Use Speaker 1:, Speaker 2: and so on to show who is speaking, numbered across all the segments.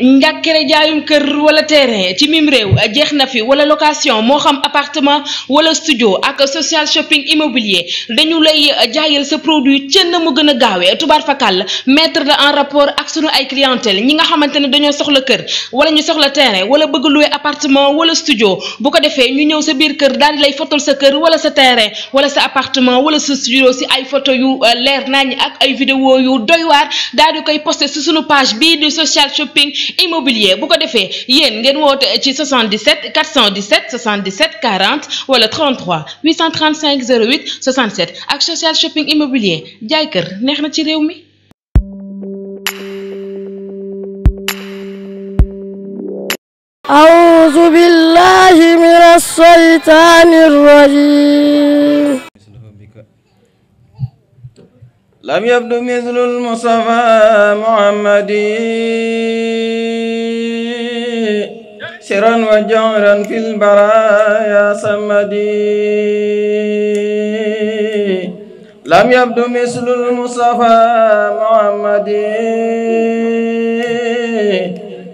Speaker 1: njàkkere jaayum kër wala terrain ci mim réew jeex fi wala location mo xam appartement wala studio ak social shopping immobilier dañu lay jaayal sa produit ci na mu gëna gaawé tubar tubaar fakal mettre de en rapport ak sunu ay clientèle ñi nga xamante ne dañoo soxla kër wala ñu soxla terrain wala bëgg louer appartement wala studio bu ko défé ñu ñëw sa biir kër dal di lay fotol sa kër wala sa terrain wala sa appartement wala sa studio ci ay photo yu euh, l'air nañ ak ay vidéo yu doy waar dal di koy posté si sunu page bi du social shopping immobilier bu de faits, Yen, 77 417 77 40 wala 33 835 08 67 Action social shopping immobilier kër
Speaker 2: لم يبد مثل المصطفى محمد سرا وجهرا في البرايا صمدي لم يبد مثل المصطفى محمد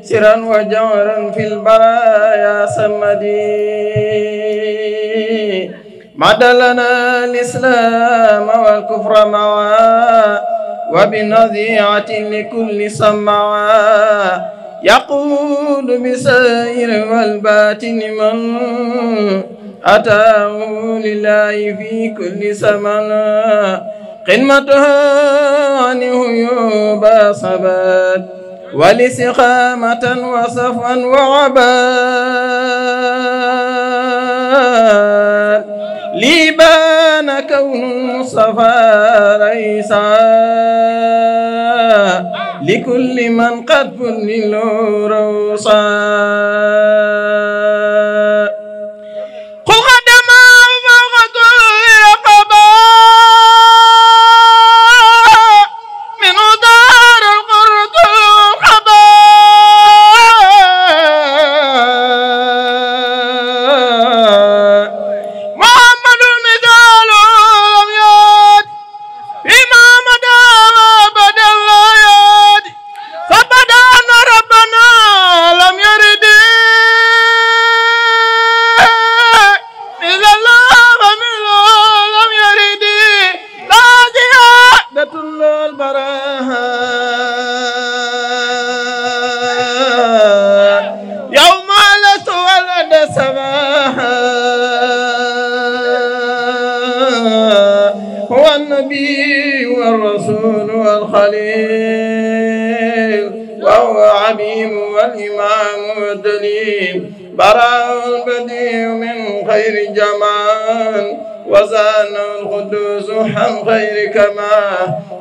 Speaker 2: سرا وجهرا في البرايا صمدي بدلنا الإسلام والكفر معا وبنذيعة لكل سمعا يقول بسائر والباطن من أتاه لله في كل سمنا قمتها عنه يوبا صبات ولسخامة وصفا وعباد لي بان كون المصطفى ليس لكل من قد بني الروصان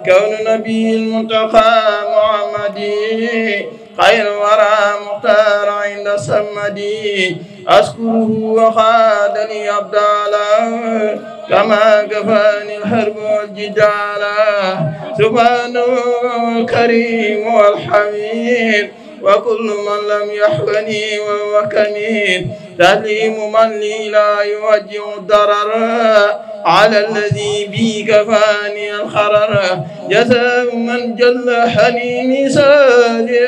Speaker 2: كون نبي المتقى محمدي خير ورى مختار عند سمدي أشكره وخادني أبدالا كما كفاني الحرب والجدالا سبحانه الكريم والحميد وكل من لم يحوني ووكمه تعليم من لي لا يوجه الضرر على الذي بي كفاني الخرر جزاء من جلحني مثالي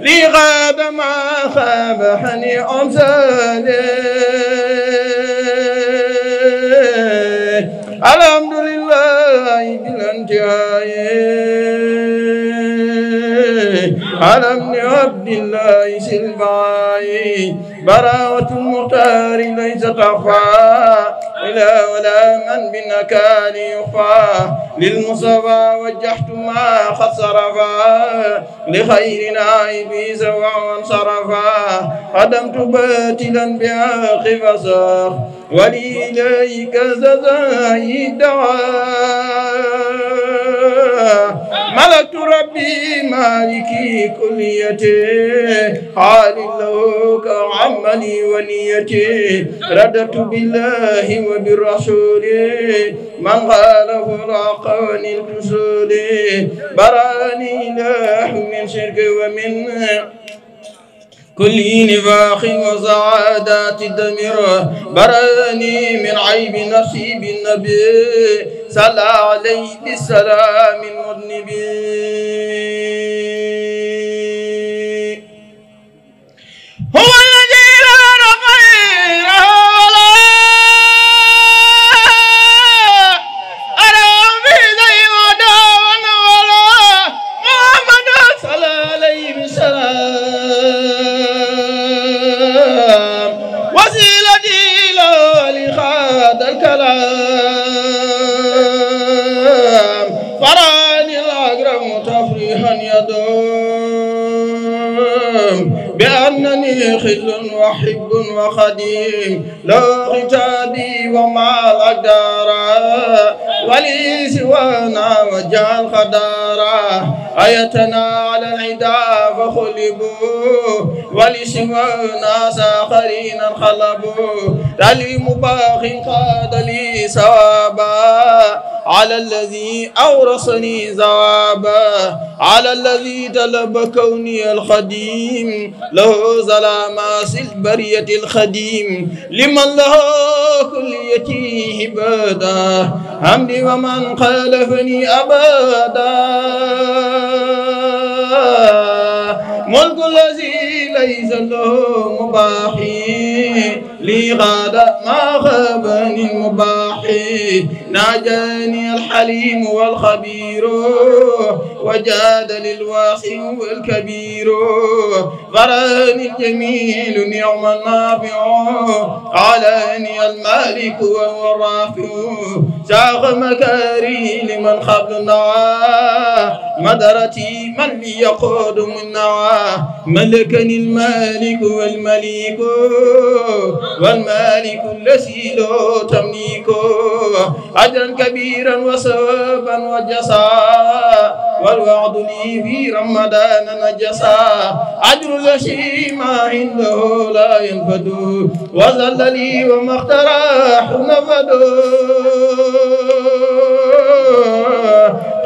Speaker 2: لي غاب ما خاب حني أمثالي الحمد لله بالانتهاء على ابن عبد الله سلفاي براءة المختار ليست أخفى إلا ولا من بنكال يخفى للمصطفى وجحت ما قد صرفا لخير نائب سوى وانصرفا قدمت باتلا بأخ فصاخ ولإليك زايد ملكت ربي مالكي كليتي حال الله كعملي ونيتي رددت بالله وبالرسول من قاله العقان الكسول براني له من شرك ومن كل نفاق وزعادات الدمير براني من عيب نصيب النبي صلى عليه بالسلام المذنبين سوى آخرين انقلبوا لعلي مباخ قاد لي ثوابا على الذي أورثني ثوابا على الذي طلب كوني القديم له ظلامات البرية الخديم لمن له كليتي هبادا حمدي ومن خالفني أبدا ملك الذي ليس له مباحي لي غاد ما غبني المباحي ناجاني الحليم والخبير وجاد للواسع والكبير غراني الجميل نعم النافع علاني المالك وهو الرافع ساق مكاري لمن قبلنا مدرتي من ليقود منا ملكني المالك والمليك والمالك الذي لا تمليك أجرا كبيرا وثوابا وجزاء والوعد لي في رمضان نجسا أجر الوشي ما عنده لا ينفد وزل لي وما اختراح نفد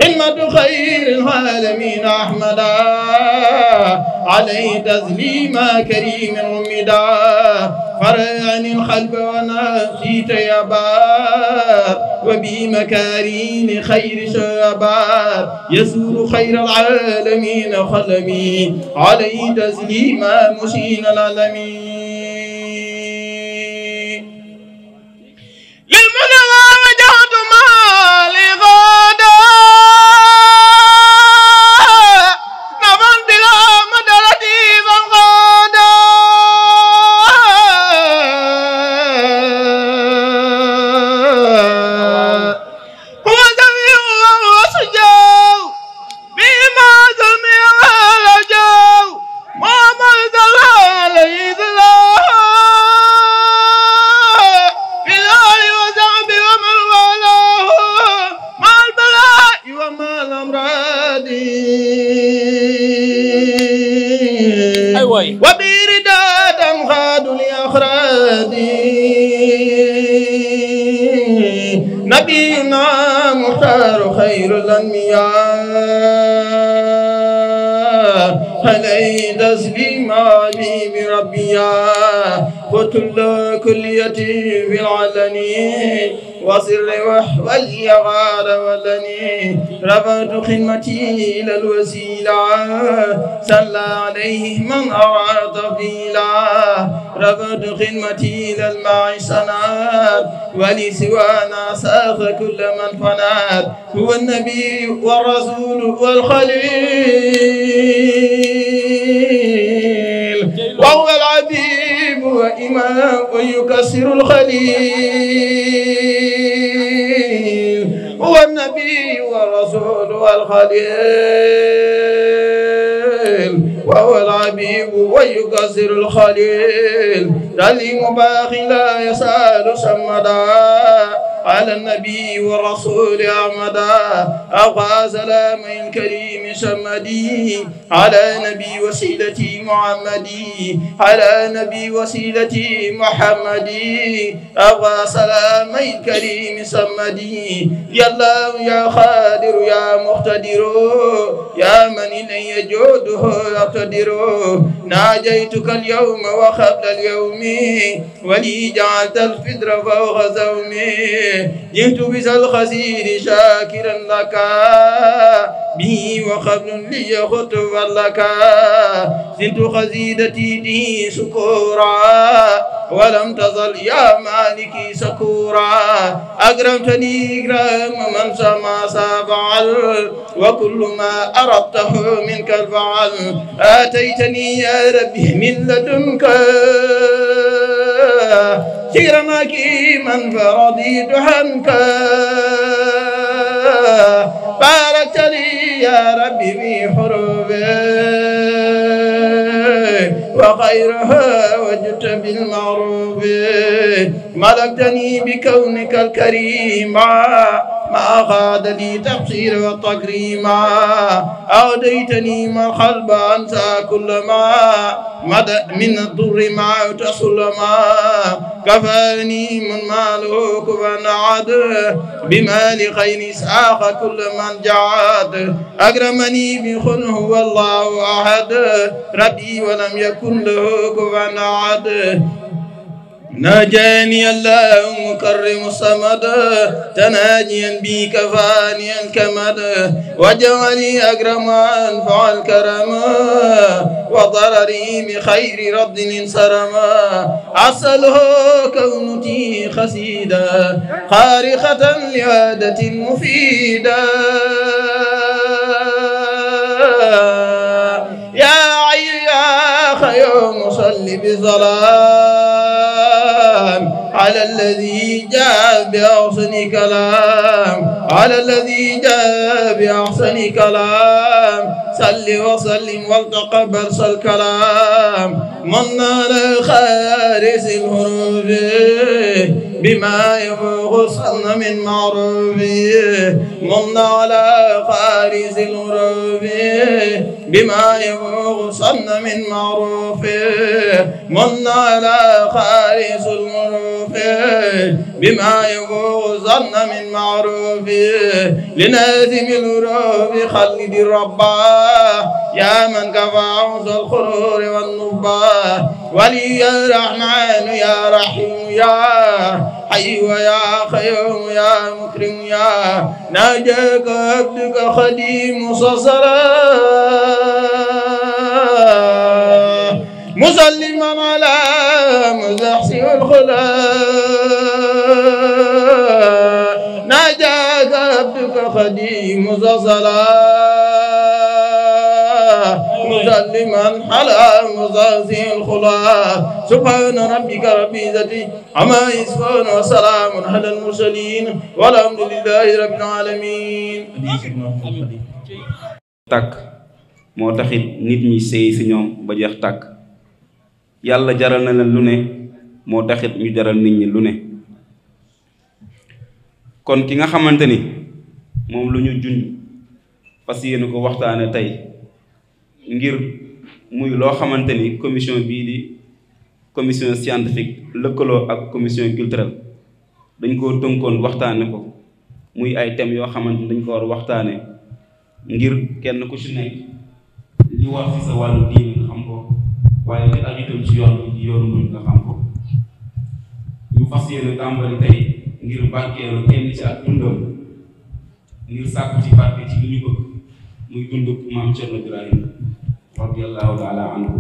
Speaker 2: خدمة خير العالمين أحمدا عليه تزليما كريم رمدا فرعني الخلب ونسيت يا باب وبمكارين خير شباب يزور خير العالمين خلمي علي تسليما مشين العالمين كليته في العلن وسر وحولي غار ولني رفعت خدمتي إلى الوسيلة صلى عليه من أراد طفيلا رفعت خدمتي إلى المعيشنات ولسوانا ساخ كل من فنات هو النبي والرسول والخليل وهو وإماء يكسر الخليل هو النبي والرسول والخليل وهو العبيب ويكسر الخليل للي مباخ لا يسال سمدا على النبي والرسول أحمدا أبقى سلام الكريم سمدي على نبي وسيلتي محمدي على نبي وسيلتي محمدي أبا سلامي كريم سمدي يا الله يا خادر يا مقتدر يا من إلي جوده أقتدر ناجيتك اليوم وقبل اليوم ولي جعلت الفدر فوق زومي جئت بذا الخزير شاكرا لك به وخ خزن لي خطوا لك زلت خزيدتي دي سكورا ولم تظل يا مالكي سكورا أكرمتني إكرام من سما سافعل وكل ما أردته منك الفعل آتيتني يا ربي من لدنك كرمك من فرضيت عنك باركت لي يا ربي في حروبه وغيرها وجدت بالمعروف ملكتني بكونك الكريم ما غاد لي تقصير وتكريما أوديتني ما الخلب أنسى كل ما مدى من الضر ما تصل ما كفاني من مالوك ونعد بمال خير ساق كل من جعاد أكرمني بخل هو الله أحد ربي ولم يكن كله كفوا عاد ناجاني الله مكرم الصمد تناجيا بي كفاني الكمد وجعلني اكرم انفع الكرم وضرري بخير رد انصرما عسله كونتي خسيدا خارقة لعادة مفيده اليوم صل بسلام على الذي جاء بأحسن كلام على الذي جاء بأحسن كلام صل وسلم وتقبل الكلام من نال خارج الهروب بما يبغى صن من معروف من على خارس الهروب بما يبغى صن من معروف من على خارس الهروب وفقه بما يغوظن من معروف لنازم الغروب خلد الربا يا من كفى عوز الخرور والنبا ولي الرحمن يا رحيم يا حي ويا خيوم يا مكرم يا ناجاك عبدك خديم صصرا مسلما على مزحزح الخلاء ناجاك عبدك خديم صلاة مسلما على مزازي الخلاء سبحان ربك رب العزة عما يصفون وسلام على المرسلين والحمد لله رب العالمين
Speaker 3: تك moo taxit nit ñi sëy si ñoom ba jeex tàkk yàlla jaral na leen lu ne moo taxit ñu jaral nit ñi lu ne kon ki nga xamante ni moom lu ñu junj parce que yéen ko waxtaane tey ngir muy loo xamante ni commission bii di commission scientifique lëkkaloo ak commission culturelle dañ koo tënkoon waxtaane ko muy ay thèmes yoo xamante ni dañ ko war waxtaane ngir kenn ku ci nekk li war ci sa wàllu diin waaye li aju itam ci yoon bi nga xam ko ñu fas yéene tàmbali tey ngir barkeelu kenn ci ak dundam ngir sàkku ci barke ci li ñu bëgg muy dund maam Cerno Ibrahima radiyallahu taala anhu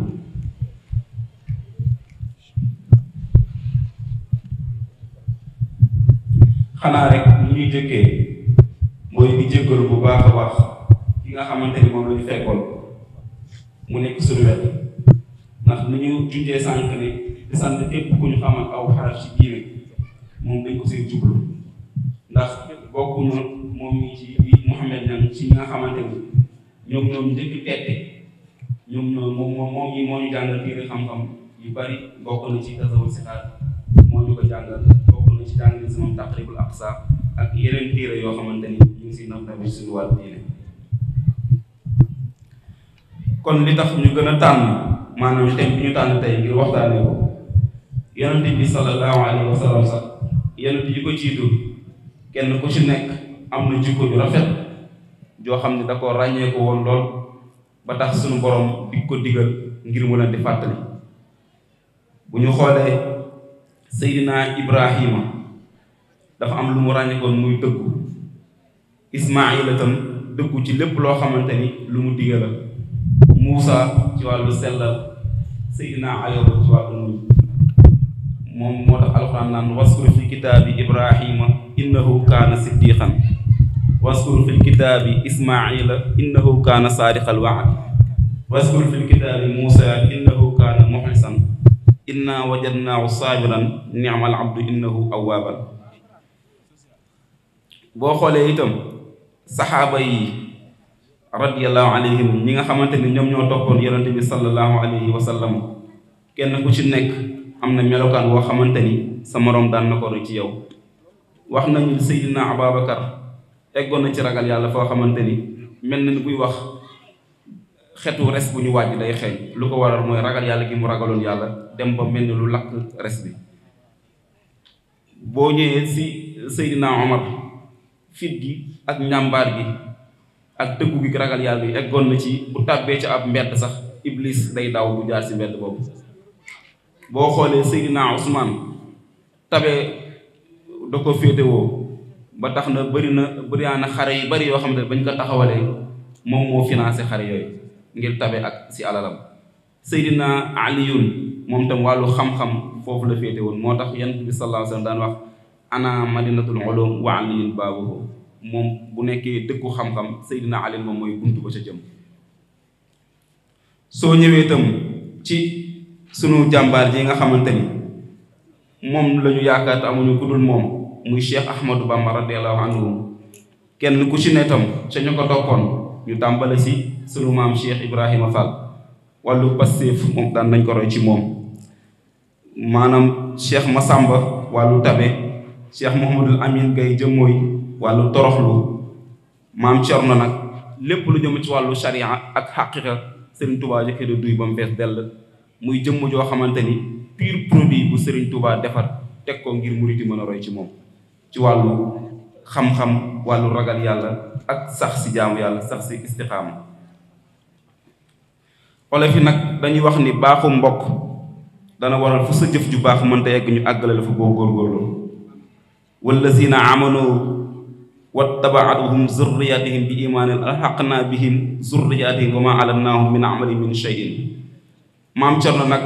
Speaker 3: xanaa rek li ñuy jëkkee mooy di jéggalu bu baax a baax ki nga xamante ni moom la ñu fekkoon mu nekk suñu wet ndax nañu jité junjee sànq ne di sant képp ku ñu xam ak aw xaraf ci diine moom dañ ko seen jublu ndax bokku ñu moom mi ci Mouhamed nag ci nga xamanté ni ñom ñom dëgg pété ñom ñom moom moom moom ñi moo ñu jàngal téere xam-xam yu bari bokku na ci tasawul sixaat mo ñu ko jàngal bokku na ci jàngal sama taqribul aqsa ak yeneen tire yo xamante ni ñu ci si nam tamit suñu wàllu diine kon li tax ñu gëna tan manam tem ñu tan tay ngir waxtaanee ko di bi sallallahu alaihi wasallam sallam sax yonent yi ko jiitu kenn ku ci nek am jikko ju rafet jo xamni da ko ragne ko won lol ba tax suñu borom di ko digal ngir mu leen di fatali bu ñu xoolee Seydina Ibrahima dafa am lu mu ko muy dëggu ismaila tam dëggu ci lepp lo xamanteni ni lu mu digal Moussa ci wàllu sellal Seydina Ayyuba ci wàllu muñ moom moo tax alxuraan naan waskur fil kitaabi Ibrahima innahu kaana siddiqan waskur fil kitaabi Ismaila innahu kaana saadiqal waad waskur fil kitaabi Moussa innahu kaana muxlisan inna wajadnaahu saabiran nicmal abdu innahu awaaban boo xoolee itam saxaaba yi radiyallahu alayhim ñi nga xamante ni ñoom ñoo toppoon yonente bi sallallahu alayhi wa sallam kenn ku ci nekk am na melokaan woo xamante ni sa moroom daan na ko ci yow wax nañu Seydina Ababacar eggoon na ci ragal yàlla foo xamante ni mel na ni kuy wax xetu res bu ñu wàjj day xeeñ lu ko waral mooy ragal yàlla gi mu ragaloon yàlla dem ba mel ni lu lakk res bi boo ñëwee si Seydina Omar fit gi ak njàmbaar gi ak dëggu gi ragal yàlla yi eggoon na ci bu tàbbee ci ab mbedd sax iblis day daw bu jaar ci mbedd boobu boo xoolee Seydina Ousmane tabe da ko féetewoo ba tax na bëri na bëriyaana xare yu bari yoo xam ne bañ ko taxawalee moom moo financé xare yooyu ngir tabe ak si alalam Seydina Aliyun moom tam wàllu xam-xam foofu la féete moo tax yonent bi sallallahu alayhi wa wax ana madinatul ulum wa aliyun baabuhu moom bu nekkee dëkku xam-xam Seydina Ali moom mooy buntu ba ca jëm soo ñëwee itam ci sunu jàmbaar ji nga xamante ni moom lañu ñu yaakaar te amuñu ku dul moom muy Cheikh Ahmadou Bamba radiyallahu anhu kenn ku ci ne tam ñu ko dokkoon ñu tàmbale si sunu maam Cheikh Ibrahima Fall wallu Pastef moom daan nañ ko roy ci moom maanaam Cheikh Massamba wàllu tabe Cheikh Mouhamadul Amin Gaye jëm mooy wàllu toroxlu maam Cerno nag lépp lu jëm ci wàllu sariya ak xaqiqa Serigne Touba jëkkee da duy ba mu fees dell muy jëmm joo xamante ni pire produit bu Serigne Touba defar teg ko ngir muriti mën a roy ci moom ci wàllu xam-xam wàllu ragal yàlla ak sax si jaamu yàlla sax si istiqaama olof yi nag dañuy wax ni baaxu mbokk dana waral fu sa jëf ju baax mënta yegg ñu àggale la fa boo góorgóorlu wallazina amanu واتبعتهم ذرياتهم بإيمان الحقنا بهم ذرياتهم وما علمناهم من عمل من شيء مام تيرنا نك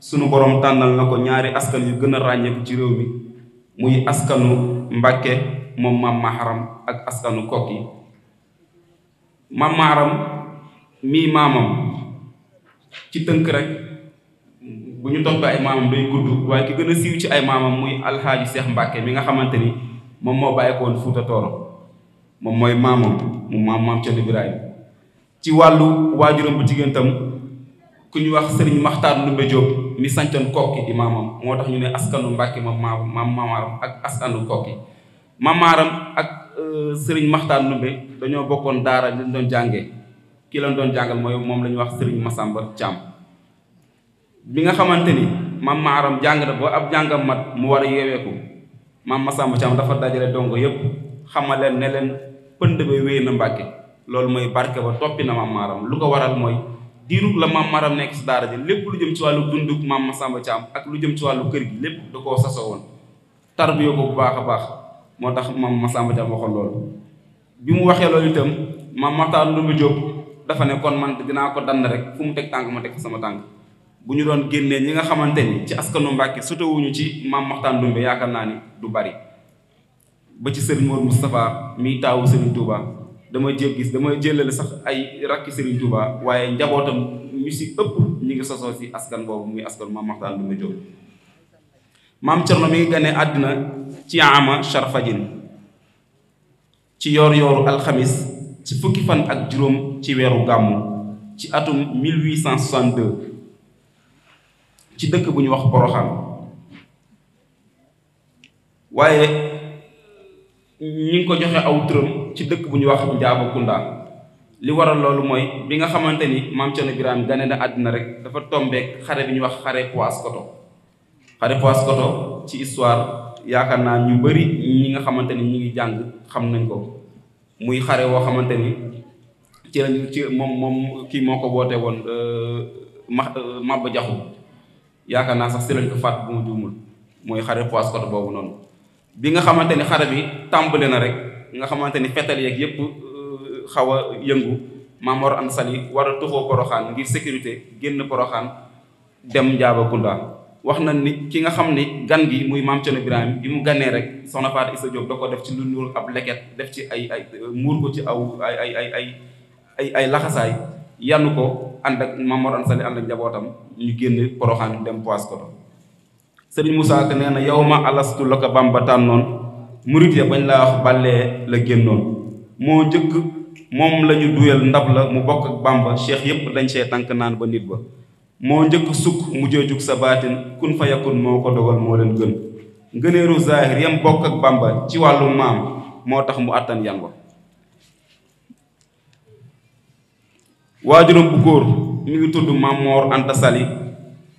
Speaker 3: سونو بوروم تانال نكو نياري اسكان يو گنا راني تي ريوبي موي اسكانو مباكه موم مام محرم اك اسكانو كوكي مام محرم مي مامام تي تنك رك buñu topp ay mamam day gudd way ki gëna siiw ci ay mamam muy alhaji cheikh mbake mi nga xamanteni mom mo baye ko won moom moy mamam mu mamam ci ibrahim ci walu wajurum bu jigéen tam ku ñu wax Serigne Maxtaar Ndumbe Diop mi sancoon kokki di mamam motax ñu ne askanu Mbàkke moom mam maam ak askanu kokki mamaram ak euh, Serigne Maxtaar Ndumbe dañoo bokkon daara lañ doon jangé ki lañ doon jangal moy mom la wax Serigne Massamba cham bi nga xamanteni mam maram maaram jàng na ba ab jangam mat mu wara yewé ko mam Massamba cham dafa dajalé dongo yépp xamalel ne len pende be we na mbàkke loolu barke ba toppi na mam maram lu ko waral moy diru la mam maram nek ci dara ji lepp lu jëm ci dunduk mam ma Masamba cham ak lu jëm ci walu keur gi lepp da koo sasoo woon tarbiyo ko bu baakha baax moo tax maam Masamba cham waxoon lol bi mu waxe lol itam maam lu mu dafa ne kon man dina ko dan rek fu mu tek tànk ma tek sama tànk bu ñu doon genné ñi nga xamanteni ci askanu Mbàkke sotowuñu ci mam Maxtaar dumbe du bari ba ci Serigne Mor Moustapha miy taawu Serigne Touba dama jël gis dama jëlale sax ay rakki Serigne Touba waaye njabootam ñu si ëpp ñu ngi sosoo si askan boobu muy askan ma Maxtaan Ndumbe Jóob maam Cerno mi ngi gane àddina ci ama sharfajin ci yoor yooru alxamis ci fukki fan ak juróom ci weeru gàmmu ci atum 1862 ci dëkk bu ñu wax Poroxaan waaye ñi ngi ko joxe aw turum ci dëkk bu ñu wax kunda li waral loolu mooy bi nga xamante ni maam Cerno Birahim gane na àddina rek dafa tombeeg xare bi ñu wax xare Paoskoto xare koto ci histoire yaakaar naa ñu bari ñi nga xamante ni ñi ngi jàng xam nañ ko muy xare woo xamante ci ci moom moom kii moo ko woote woon euh, ma euh, mabba jaxu yaakaar naa sax si lañ ko fàtt bu mu juumul mooy xare koto boobu noonu bi nga xamante ni xare bi tàmbali na rek nga xamante ni fetal yeeg yëpp euh, xaw a yëngu Mamor Anta Sali war a tuxoo Poroxaan ngir sécurité génn Poroxaan dem Ndiabagouda wax na ni ki nga xam ni gan gi muy maam Thierno Birahim bi mu ganee rek soxna Fatou Issa Diop da ko def ci lu ñuul ab leket def ci ay ay muur ko ci aw ay ay ay ay ay laxasaay yannu ko ànd ak Mamor Anta Sali ànd ak njabootam ñu génn Poroxaan dem Paoskoto sëriñ Moussa Ka nee na yow ma alastu la ko bamba tànnoon murit ya bañ laa wax bàllee la génnoon moo njëkk moom la ñu ndab la mu bokk ak bamba cheikh yépp dañ see tànk naan ba nit ba moo njëkk sukk mu joojug sa baatin kun fa yakun moo ko dogal moo leen gën ngëneeru zahir yam bokk ak bamba ci wàllu maam moo tax mu àttan yan wa waajuram bu góor mi ngi tudd maam Moor Anta Sali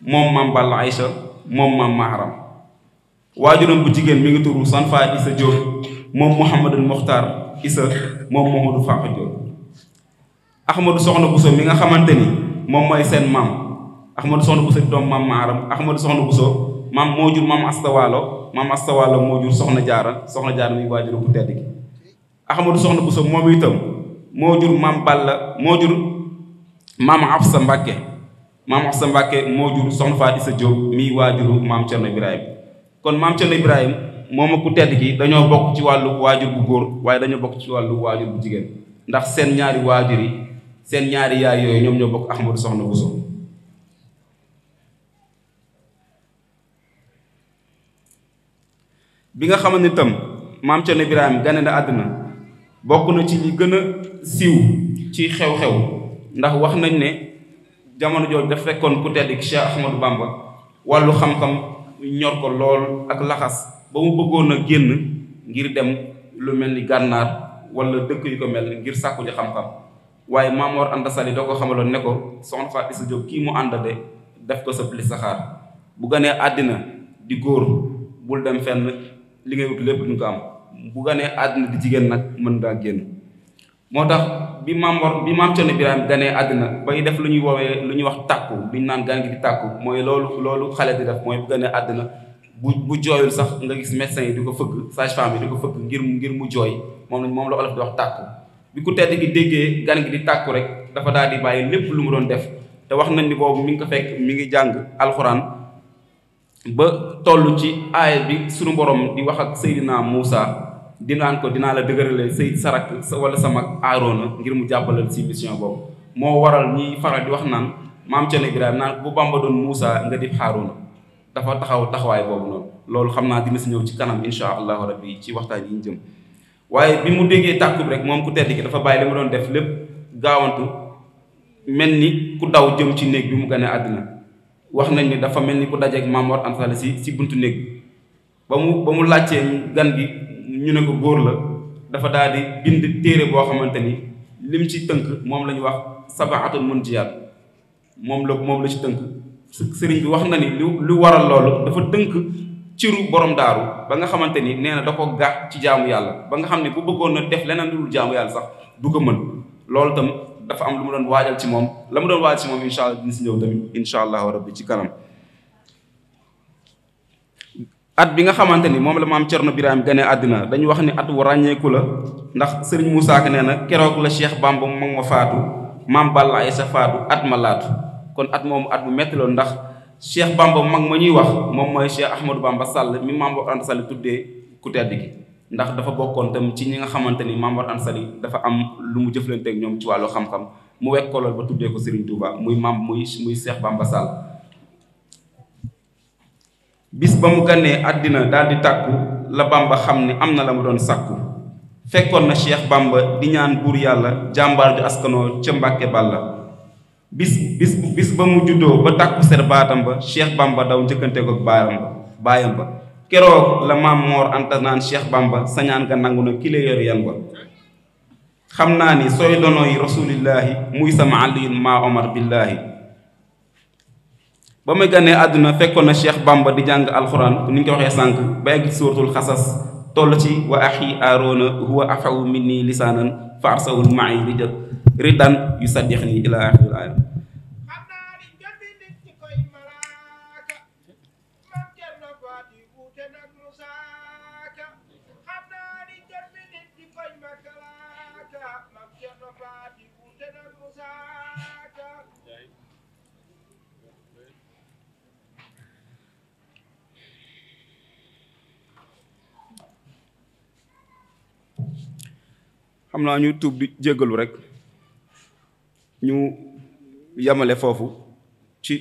Speaker 3: moom maam Balla Aysa mom maam mahram waajuram bu jigen mi ngi turu Sanfa Isa Diop mom muhammadul Mokhtar Isa mom Mouhamadou Fakka Diop. Ahmadou Soxna buso mi nga xamanteni mom moy sen mam Ahmadou Soxna buso di mam mahram Ahmadou Soxna buso mam mojur mam astawalo mam astawalo mojur Soxna Jaara Soxna Jaara mi waajuram bu teddi Ahmadou Soxna buso mom itam mojur mam Balla mojur mam afsa Absa mam Assa Mbacke moo jur son Faati job mi wajuru mam Cerno Ibrahim kon mam Cerno Ibrahim moom ku tedd gi daño bok ci walu wajur bu gor waye daño bok ci walu wajur bu jigen ndax sen ñaari wajuri sen ñaari yaay yoy ñom ñoo bokk Ahmadu Soxna so bi nga xamanteni tam mam Cerno Ibrahim gane na aduna bokku na ci li gëna siiw ci xew-xew ndax wax nañ ne jamono jojo dafa fekkon ku tedd Cheikh Ahmadou Bamba walu xam-xam ñor ko lool ak laxas ba mu bëggoon genn ngir dem lu melni gannar wala dekk yu ko mel ngir sakku ji xam-xam waye Mamor Anta Sali doo ko isu ne ko soxna fa Issa Diop ki mu anda de def ko sa li saxaar bu gane adina di góor bul dem fenn li ngay wut lepp duñ ko am bu gane adina di jigen nak mën da genn moo tax bi maam war bi maam Cerno Birahim ganee àddina bay def lu ñuy woowee lu ñuy wax tàkku bi ñu naan gan gi di tàkku mooy loolu loolu xale di def mooy bu ganee àddina bu bu jooyul sax nga gis médecin yi di ko fëgg sage-femme yi di ko fëgg ngir ngir mu jooy moom lañ moom la olof di wax tàkku bi ku tedd gi déggee gan gi di tàkku rek dafa daal di bàyyi lépp lu mu doon def te wax nañ ni boobu mi ngi ko fekk mu ngi jàng alxuraan ba tollu ci aaya bi sunu borom di wax ak Seydina Muusa dinaan ko dinaa la sa say sarak wala sama aaroona ngir mu jàppalal si mission boobu moo waral ñuy faral di wax naan maam Cerno Ibrahima naan bu Bamba doon Moussa nga def Haaruna dafa taxaw taxawaay boobu noonu loolu xam naa dina si ñëw ci kanam insha allahu rabbi ci waxtaan yi ñu jëm waaye bi mu déggee tàkkub rek moom ku tedd ki dafa bàyyi li mu doon def lépp gaawantu mel ni ku daw jëm ci néeg bi mu gane àddina wax nañ ni dafa mel ni ku dajeeg Maam Mor si si buntu néeg bi ba ñu ne ko góor la dafa daal di bind téere boo xamante ni lim ci tënk moom la ñu wax sabaatul munjiyaat moom la moom la ci tënk sëriñ bi wax na ni lu lu waral loolu dafa tënk ciru borom daaru ba nga xamante ni nee na da ko gàtt ci jaamu yàlla ba nga xam ne bu bëggoon na def leneen lu dul jaamu yàlla sax du ko mën loolu tam dafa am lu mu doon waajal ci moom la ma doon waajal ci moom incha allah dina si ñëw tamit incha allah rabbi ci kanam. at bi nga xamanteni ni la mam cierno biraam gane adina dañ wax ni at wu ràññeeku la ndax serigne Moussa Ka neena na la cheikh bamba mag ma faatu mam balla isa at ma kon at mom at bu metti lo ndax cheikh bamba mag ma ñuy wax mom moy cheikh ahmadou bamba sall mi mam bo ant sall tuddé ku tedd gi ndax dafa bokkon tam ci ñi nga xamanteni ni war anta dafa am lu mu jëflante ak ñom ci walu xam-xam mu wekk ba tuddé ko serigne Touba muy mam muy cheikh bamba sall bis ba mu gannee àddina daal di tàkku la bamba xamni amna la mu doon sakku fekkon na cheikh bamba di ñaan bur yalla jambar ju askano ci mbacke balla bis bis bis ba mu ba takku ser batam ba cheikh bamba daw jëkënte ko bayamba. ba bayam ba kéro la mam mor antanan cheikh bamba sa ga nanguna nangu ki yor yan ba xamna ni soy dono yi rasulillahi muy sama ali ma omar billahi ba gane aduna àdduna na Cheikh Bamba di jàng alquran ni ngi waxe sank sànq ba egg suuratul xasas toll ci wa axi aaroona huwa afaw minni lisanan fa ma'i ridan yusaddiqni saddix ni ila axiril aaya xam naa ñu tuub di jéggalu rek ñu yamale foofu ci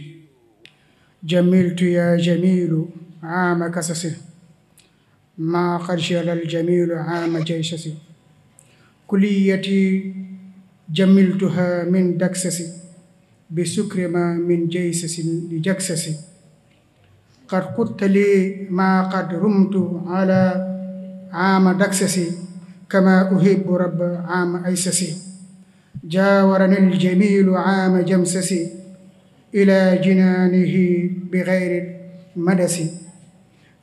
Speaker 4: jamiltu ya jamilu aama kasasi maa qad jalal jamilu aama jaysasi kuliyati jamiltuha min daksasi bi sukrima min jaysasi li jaksasi qad kutta li maa qad rumtu ala aama daksasi كما أهيب رب عام أيسسي جاورني الجميل عام جمسسي إلى جنانه بغير مدسي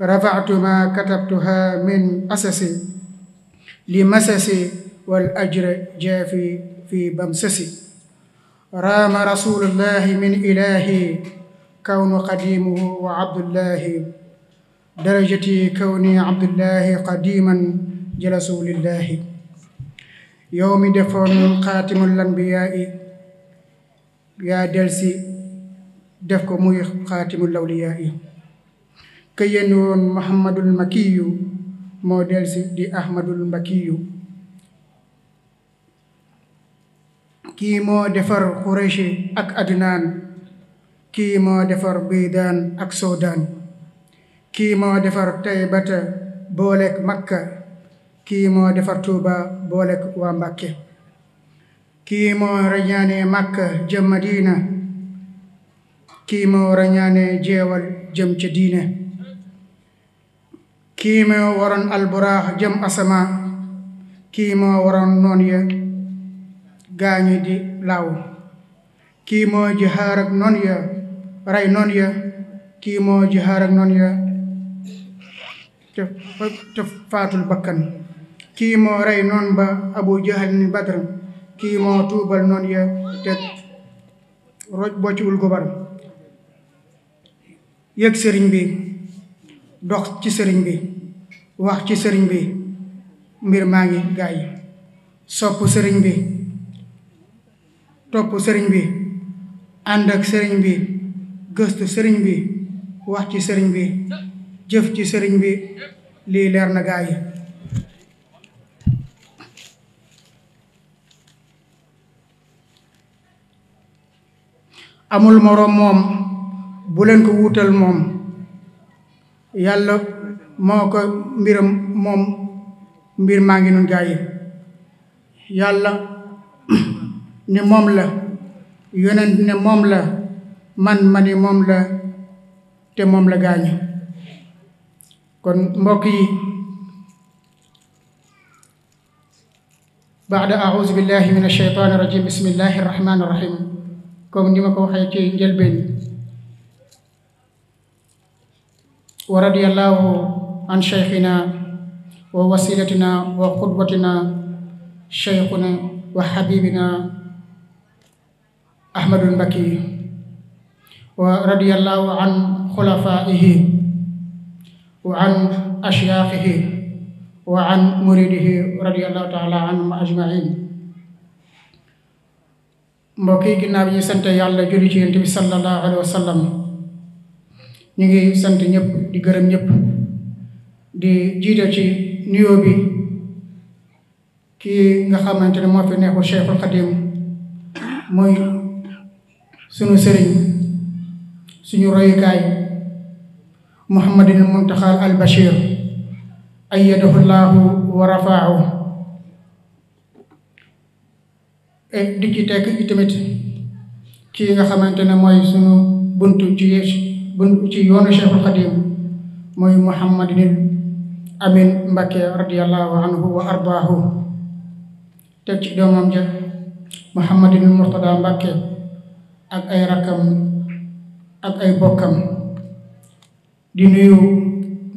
Speaker 4: رفعت ما كتبتها من أسسي لمسسي والأجر جافي في بمسسي رام رسول الله من إلهي كون قديمه وعبد الله درجتي كوني عبد الله قديما ji yow mi defoon xaatimul anbiyaa'i yaa delsi def ko muy xaatimul awliyaa'i ka yéen woon muhammadul makiyu moo delsi di ahmadul makiyu kii moo defar xureshi ak adnaan kii moo defar biidaan ak soodaan kii moo defar taybata booleek makka kii moo defar Tuuba boole waa Mbàkke kii moo rañaane Makka jëm Madina kii moo rañaane jeewal jëm ci diine kii moo waroon alburaax jëm asama kii moo waroon noon ya gaañi di law kii moo jihaar noon ya rey noon ya kii moo jihaar noon ya te faatul bakkan kii moo rey noon ba abu jahal ni badr kii moo tuubal noon ya te roj boccul gobar yëg sëriñ bi dox ci sëriñ bi wax ci sëriñ bi mbir maa ngi gaay sopp sëriñ bi topp sëriñ bi ànd ak sëriñ bi gëstu sëriñ bi wax ci sëriñ bi jëf ci sëriñ bi lii leer na gaay amul morom mom bu len ko woutal mom yalla moko mbiram mom mbir maa ngi nun gaa yalla yàlla ni moom la yonen ne mom la man mani mom la te mom la gañu kon mbok yi ba'da a'udhu billahi minash shaitani rajim bismillahir rahmanir rahim comme ni ma ko waxee ci njëlbeen wa radiyallahu an cheikhina wa wasilatina wa qudwatina cheikhuna wa habibina ahmadul mbaki wa radiyallahu an xulafaihi wa an ashyaaxihi wa an muridihi radiyallahu taala anhum ajmain mbokk yi ginnaaw bi ñu sant yàlla julli ci yonent bi sallallahu alayhi wa sallam ngi sant ñëpp di gërëm ñëpp di jiite ci nuyoo bi kii nga xamante ne moo fi nekkul Cheikhul Khadim muy sunu sëriñ suñu royukaay Muhammadul Muntaxa al Bashir ayyadahu llaahu wa rafaahu di ci tekk itamit ci nga xamante ne mooy sunu bunt ci ci yoonu Cheikhul Xadim mooy Muhammadinil Amin Mbakke radiyallahu anhu wa arbaahu teg ci doomam ja Muhammadinil Murtada Mbakke ak ay rakkam ak ay bokkam di nuyu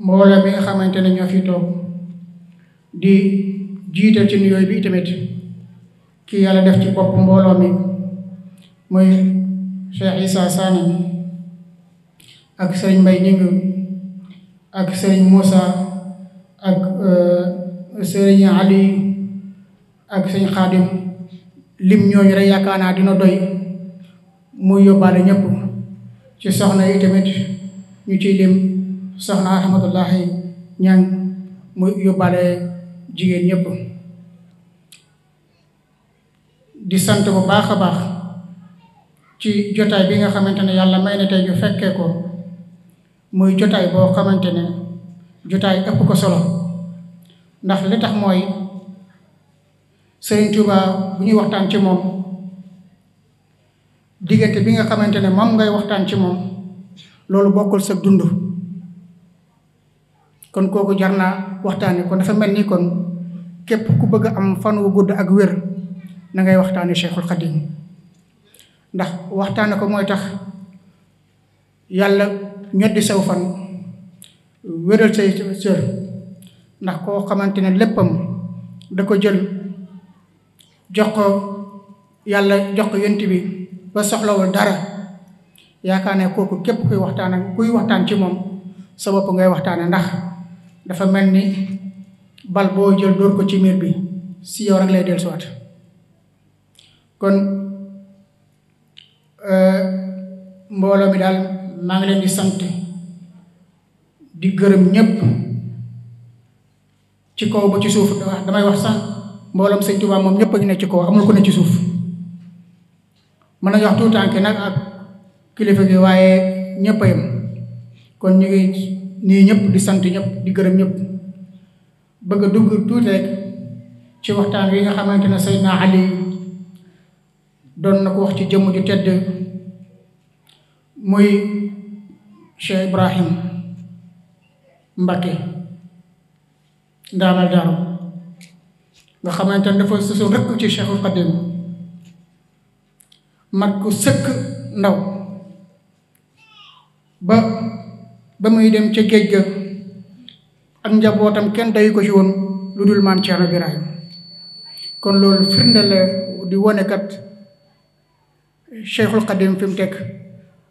Speaker 4: mbooloo mi nga xamante ne ñoo fi toog di jiital ci nuyoo bi itamit ki yàlla def ci bopp mbooloo mi muy Cheikh Issa Sané ak sëriñ Mbay Ñing ak sëriñ Moussa ak euh, sëriñ Ali ak sëriñ Xaadim lim ñooñu rek yaakaar naa dina doy muy yóbbaale ñëpp ci soxna yi ñu ciy lim soxna Rahmatullahi ñaan muy yóbbaale jigéen ñëpp di sant bu baax a baax ci jotaay bi nga xamante ne yàlla may na tey ñu fekkee ko muy jotaay boo xamante ne jotaay ëpp ko solo ndax li tax mooy Sëriñ Tuuba bu ñuy waxtaan ci moom diggante bi nga xamante ne moom ngay waxtaan ci moom loolu bokkul sa dund kon kooku jar naa waxtaane kon dafa mel ni kon képp ku bëgg am fanwu gudd ak wér na ngay waxtaane cheikhul xadim ndax waxtaane ko mooy tax yàlla ñoddi saw fan wéral say sër ndax koo xamante ne léppam da ko jël jox ko yàlla jox ko yent bi ba soxlawul dara yaakaar ne kooku képp kuy waxtaan ak kuy waxtaan ci moom sa bopp ngay waxtaane ndax dafa mel ni bal boo jël dóor ko ci miir bi si yow rek lay dellusiwaat kon eh, mbooloo mi daal maa ngi leen di sant di gërëm ñépp ci kaw ba ci suuf damay wax sax mbooloom sëñ Tuubaa moom ñépp a ngi ne ci kaw amul ko ne ci suuf mën nañu wax tuutànke nag ak kilifa gi waaye ñépp kon ñu ngi nii ñëpp di sant ñëpp di gërëm ñëpp bëgg a dugg tuuti ci waxtaan wi nga xamante ne Seydina Ali doon na ko wax ci jëmm ju tedd muy Cheikh Ibrahim Mbacké ndaamal daaru nga xamante ne dafa susu rëkk ci Cheikhul Xadim mag ko sëkk ndaw ba ba muy dem ca géej ga ak njabootam kenn dayu ko ci woon lu dul maam Thierno Birahim kon loolu firnde la di wonekat cheikhul xadim fi mu teg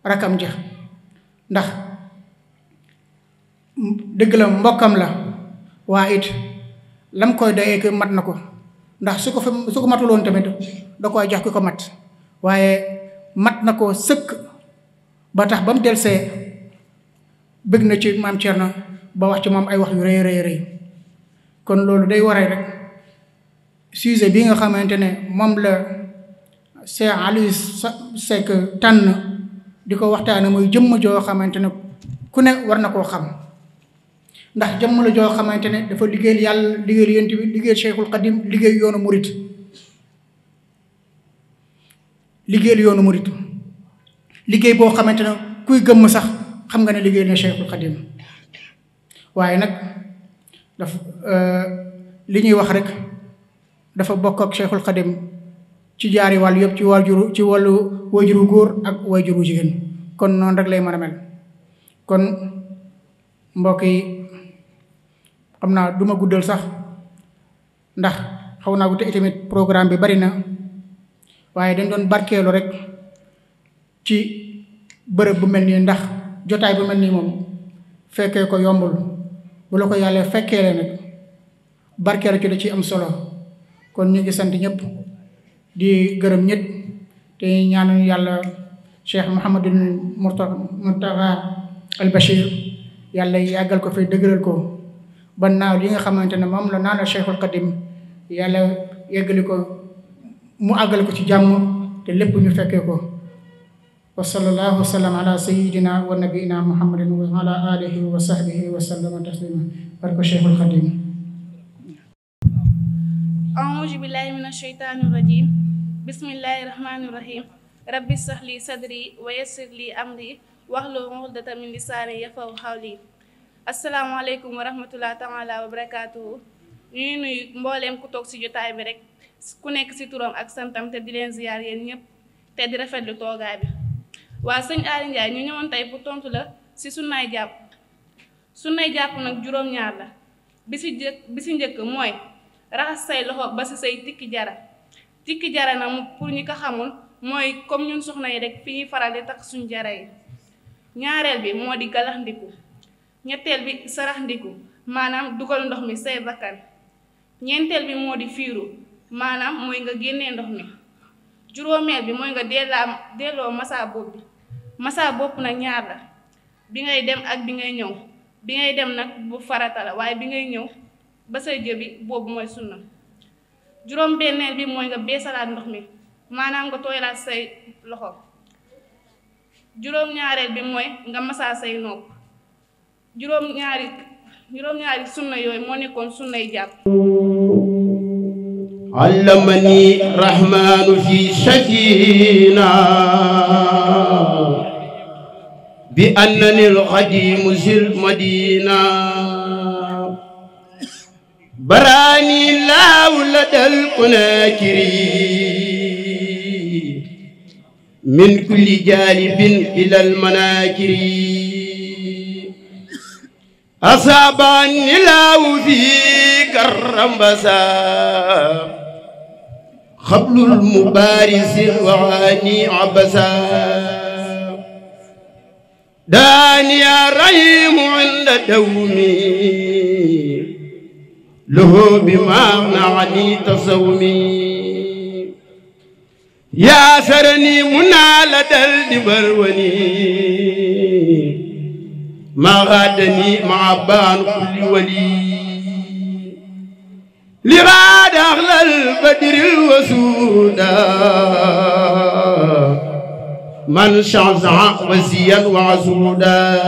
Speaker 4: rakam ja ndax dëgg la mbokkam la waa it lam koy doyee ko mat na ko ndax su ko fa su ko matuloon tamit da koy jox ki ko mat waaye mat na ko sëkk ba tax ba mu delsee bëgg na ci maam na ba wax ci moom ay wax yu rëy rëy kon loolu day waree rek sujet bi nga xamante ne moom la Cheikh sa Seck tànn di ko waxtaane muy jëmm joo xamante ne ku ne war na koo xam ndax jëmm la joo xamante ne dafa liggéey yàlla liggéeyal yent bi liggéeyal Cheikhul Xadim liggéey yoonu murit yoonu murit liggéey boo xamante ne kuy gëmm sax xam nga ne liggéey na Cheikhul Xadim waaye nag daf euh, li ñuy wax rek dafa bokk ak Cheikhul Xadim ci jaari wàll yëpp ci wàllu ci wàllu wajuru góor ak wajuru jigéen kon noonu rek lay mën a mel kon mbokk yi xam naa duma ma guddal sax ndax xaw naa guddee tamit programme bi bari na waaye dañ doon barkeelu rek ci bërëb bu mel nii ndax jotaay bu mel nii moom fekkee ko yombul bu la ko yàlla fekkee la nag barkeelu ci da ci am solo kon ñu ngi sant ñëpp. di gërëm ñëpp te ñaanu yàlla cheikh Mouhamadul Mourtaga al Bachir yàlla yàggal ko fi dëgëral ko ba naaw li nga xamante ne moom la naan la cheikhul Qadim yàlla yeggali ko mu àggal ko ci jàmm te lépp ñu fekkee ko wa sallallahu wa sallam ala sayyidina wa nabiyina muhammadin wa ala alihi wa sahbihi wa sallama
Speaker 5: aouzu billahi min asheytaani rajim bismillahi rahmaani rahim rabbi sax li sadri wa yassir li amri waxloo uqdata min lisaani yafaw xawli asalaamaaleykum wa rahmatullah taala wa barakaatuhu ñuy nuyu mbooleem ku toog ci jotaay bi rek ku nekk ci turam ak santam te di leen ziyaar yéen ñëpp te di rafetlu toogaay bi waa sëñ Aly Ndiaye ñu ñëwoon bu tontu la si sunnaay jàpp sunnaay jàpp nag juróom-ñaar la bi si jëkk bi si njëkk mooy raxas say loxo ba si say tikki jara tikki jara na nag pour ñi ko xamul mooy comme ñun soxna yi rek fi ñuy faral di takk suñu jara yi ñaareel bi moo di galaxndiku ñetteel bi saraxndiku maanaam dugal ndox mi say bakkan ñeenteel bi moo di fiiru maanaam mooy nga génnee ndox mi juróomeel bi mooy nga dellaa delloo massa bopp bi bopp nag ñaar la bi ngay dem ak bi ngay ñëw bi ngay dem nag bu farata la waaye bi ngay ñëw ba say jëbi boobu mooy sunna juróom benneel bi mooy nga beesalaat ndox mi maanaam nga tooyalaat say loxo juróom ñaareel bi mooy nga masaa say nopp juróom ñaari sunna yooyu moo nekkoon sunnay jàpp
Speaker 6: allamani rahmanu fi sakina bi annani alxadimu sil madina براني لا لدى القناكري من كل جانب إلى المناكري أصابني الله في كرمبسا خبل المبارس وعاني عبسا داني يا ريم عند دومي له بما منعني تصومي يا سرني منا لدل دبروني ما غادني مع بان كل ولي لغاد أغلى البدر الوسودا من شعزع وزيا وعزودا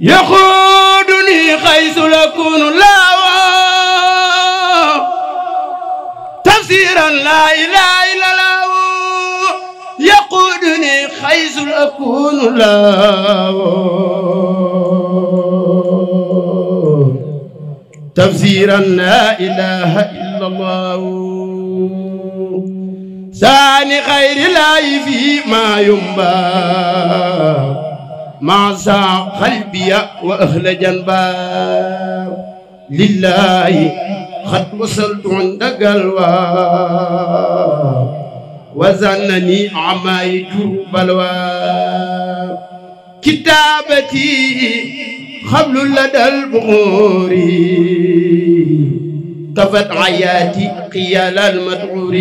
Speaker 6: يخون ردني حيث لكون لا تفسيرا لا اله الا الله يقودني حيث لكون لا تفسيرا لا اله الا الله ثاني خير الله في ما ينبغي معزى قلبي وأهل جنبا لله قد وصلت عند قلبا وزنني عماي جروب الوا كتابتي قبل لدى البغور طفت عياتي قيال المدعور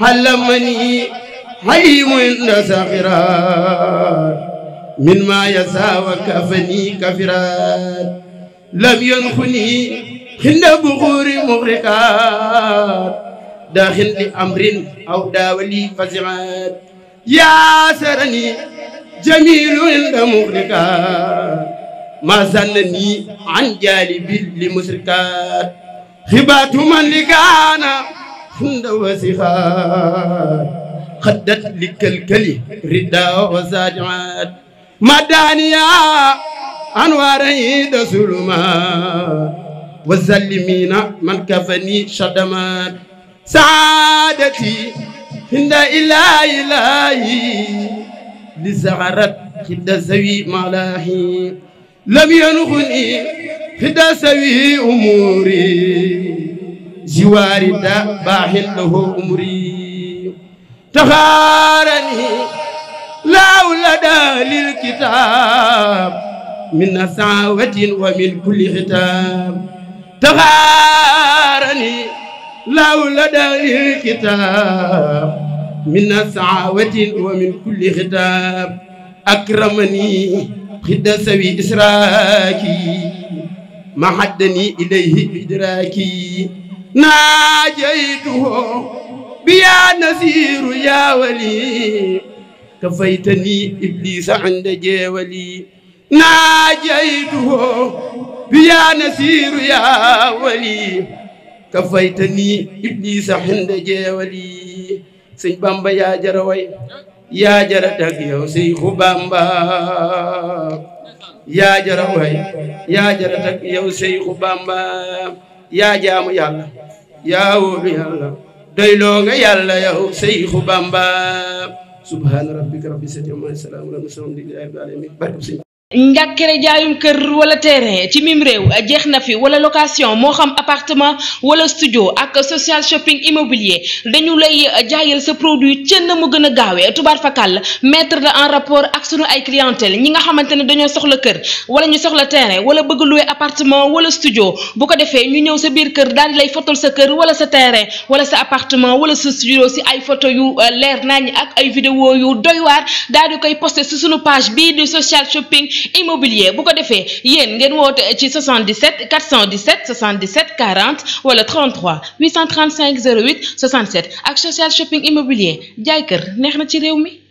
Speaker 6: هلمني حليم النساخرات من ما يسا وكفني كفرا لم ينخني خند بخور مغرقات داخل لأمر أو داولي فزعات يا سرني جميل عند مغرقات ما زنني عن جالب لمسركات خبات من لقانا خند
Speaker 2: وسخات
Speaker 6: خدت لك الكلي رداء وزاجعات مدانيا أنواري دسلما وسلمين من كفني شدمات سعادتي هند إلهي إلهي لزغرت خد سوي ملاهي لم ينخني خد سوي أموري جواري دا باهن له أمري
Speaker 7: تغارني
Speaker 6: لا ولد للكتاب من سعوة ومن كل ختام تغارني لا ولد للكتاب من سعوة ومن كل ختام أكرمني خد سوي إسراكي ما حدني إليه إدراكي ناجيته بيا نزير يا ولي كفيتني إبليس عند جولي ناجيته بيا نسير يا ولي كفيتني إبليس عند جولي سي بامبا يا جروي يا جرتك يا سيخ بامبا يا جروي يا جرتك يا سيخ بامبا يا جام يلا يا ولي يلا doyloo nga yàlla yow Seexu Bamba subhaana rabbika rabbi sati amma salaamun ala mursalin walhamdulillahi rabbil alamin barke
Speaker 1: Ngakere jaayum kër wala terrain ci mim réew fi wala location Moham xam appartement wala studio ak social shopping immobilier dañu lay jaayal sa produit na mu gëna gaawé tubar fakal mettre en rapport ak suñu ay clientèle ñi nga xamante sur le soxla kër wala ñu soxla terrain wala bëgg louer appartement wala studio bu ko défé ñu ñëw sa biir kër dal di lay fotol sa kër wala sa terrain wala sa appartement wala sa studio si ay photo yu euh, leer nañ ak ay vidéo yu doy waar dal di koy posté sur suñu page bi social shopping immobilier Pourquoi de faits, Yen, 77 417 77 40 wala 33 835 08 67 Action social shopping immobilier Diaker, n'est-ce